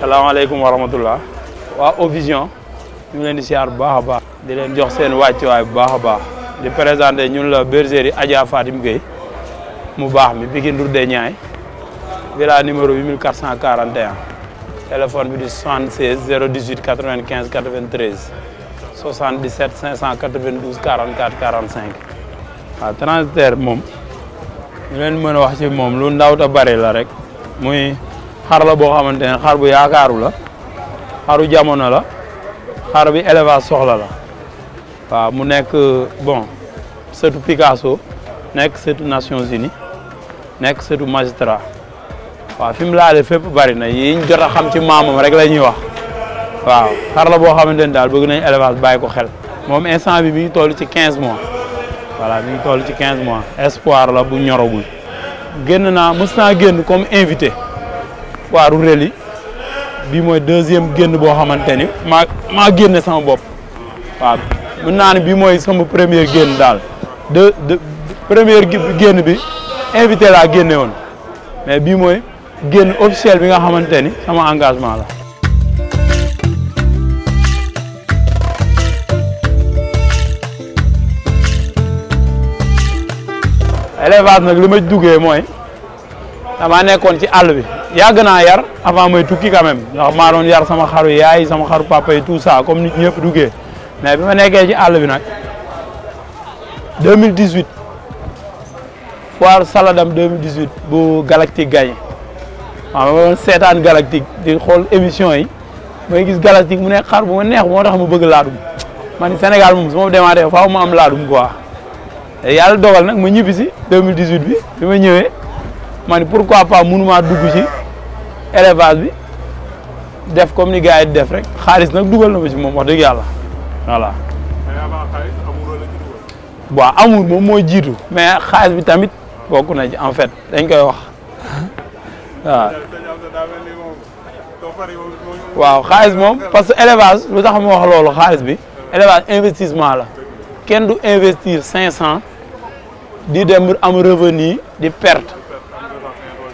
salaamaaleykum wa rahmatullah waa Ovision ñu leen di siyaar bu baax a baax di leen jox seen wàccuwaay bu baax a baax di présenté ñu la bergerie Adja Fatim Gueye mu baax mi Pikine Route Niayes villa numéro 8441 téléphone bi di 76 018 95 93 77 592 44 45 waaw transitaire moom ñu leen mën a wax ci moom lu ndaw ta bari la rek muy xar la boo xamante ne xar bu yaakaaru la xaru jamono la xar bi élevage soxla la waaw mu nekk bon sëtu Picasso nekk sëtu Nations Unies nekk setu magistrat waaw fi mu laale fépp bari na yiñ jot a xam ci maamam rek la ñuy wax waaw xar la boo xamante ne daal bëgg nañ élevage bàyyi ko xel moom instant bi mi ngi toll ci 15 mois voilà mi ngi toll ci 15 mois espoir la bu ñoragul génn naa mës naa génn comme invité waaru reli bi mooy deuxième génn boo xamante ni ma maa génne sama bopp waaw mën naa ne bi mooy sama premier génn daal de première génn bi invité laa génne woon mais bii mooy génn officiel bi nga xamante ni sama engagement la élevage nag li ma duggee mooy damaa nekkoon ci àll bi yàgg naa yar avant mooy tukki quand même ndax maa doon yar sama xaru yaay sama xaru papa yi tout ça comme nit ñëpp duggee mais bi ma nekkee ci àll bi nag 2018 foire Saladam 2018 bu Galactique Gaye waaw ma doon seetaan Galactique di xool émission yi may gis Galactique mu nekk xar bu ma neex moo tax ma bëgg laadum man Sénégal moom ma demaatee faaw ma am laadum quoi yàlla dogal nag ma ñibbi si 2018 bi bi ma ñëwee. ma pourquoi pas mënumaa dugg ci élevage bi def comme ni gars yi def rek xaalis nak dugal na ma ci mom wax deug yalla voilà. waaw amour mom moy jitu mais xaalis bi tamit bokk na ci en fait dañ koy wax waaw. waaw xaalis moom parce que élevage lu tax ma wax lolu xaalis bi élevage investissement la kenn du investir 500 di dem am revenu di perte.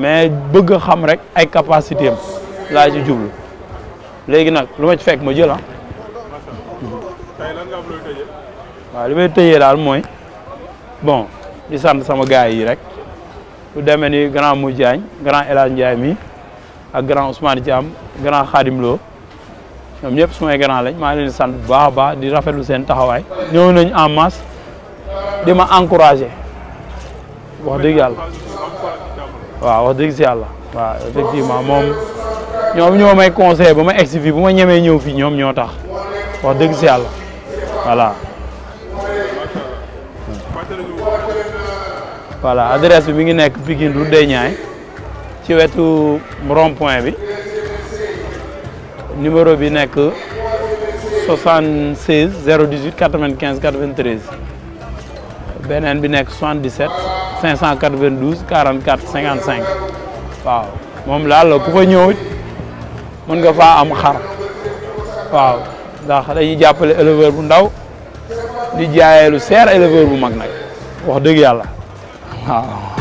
mais bëgg xam rek ay capacité laa ci jublu léegi nag lu ma ci fekk ma jëla ah. waaw li may tëjee daal mooy bon di sant sama gaay yi rek lu demee ni grand Mou Diagne grand El Hadj Ndiaye mi ak grand Ousmane Thiam grand Khadim Lo ñoom ñëpp sumay grand lañ maa leen sant bu baax a baax di rafetlu seen taxawaay ñëw nañ en masse di ma wax dëgg yàlla waaw wax dëgg si mamom, waaw effectivement moom ñoom ñoo may conseil ba ma egsi fii bu ma ñemee ñëw fii ñoom ñoo tax wax dëgg si yàlla voilà voilà adresse bi mi ngi nekk Pikine Route des Niayes ci wetu rond point bi numéro bi nekk 76 018 95 93 beneen bi nekk 77 592 44 55 waaw moom laal la ku fa ñëw mën nga faa am xar waaw ndax dañuy jàppale éleveur bu ndaw di jaayee seer éleveur bu mag nag wax dëgg yàlla waaw.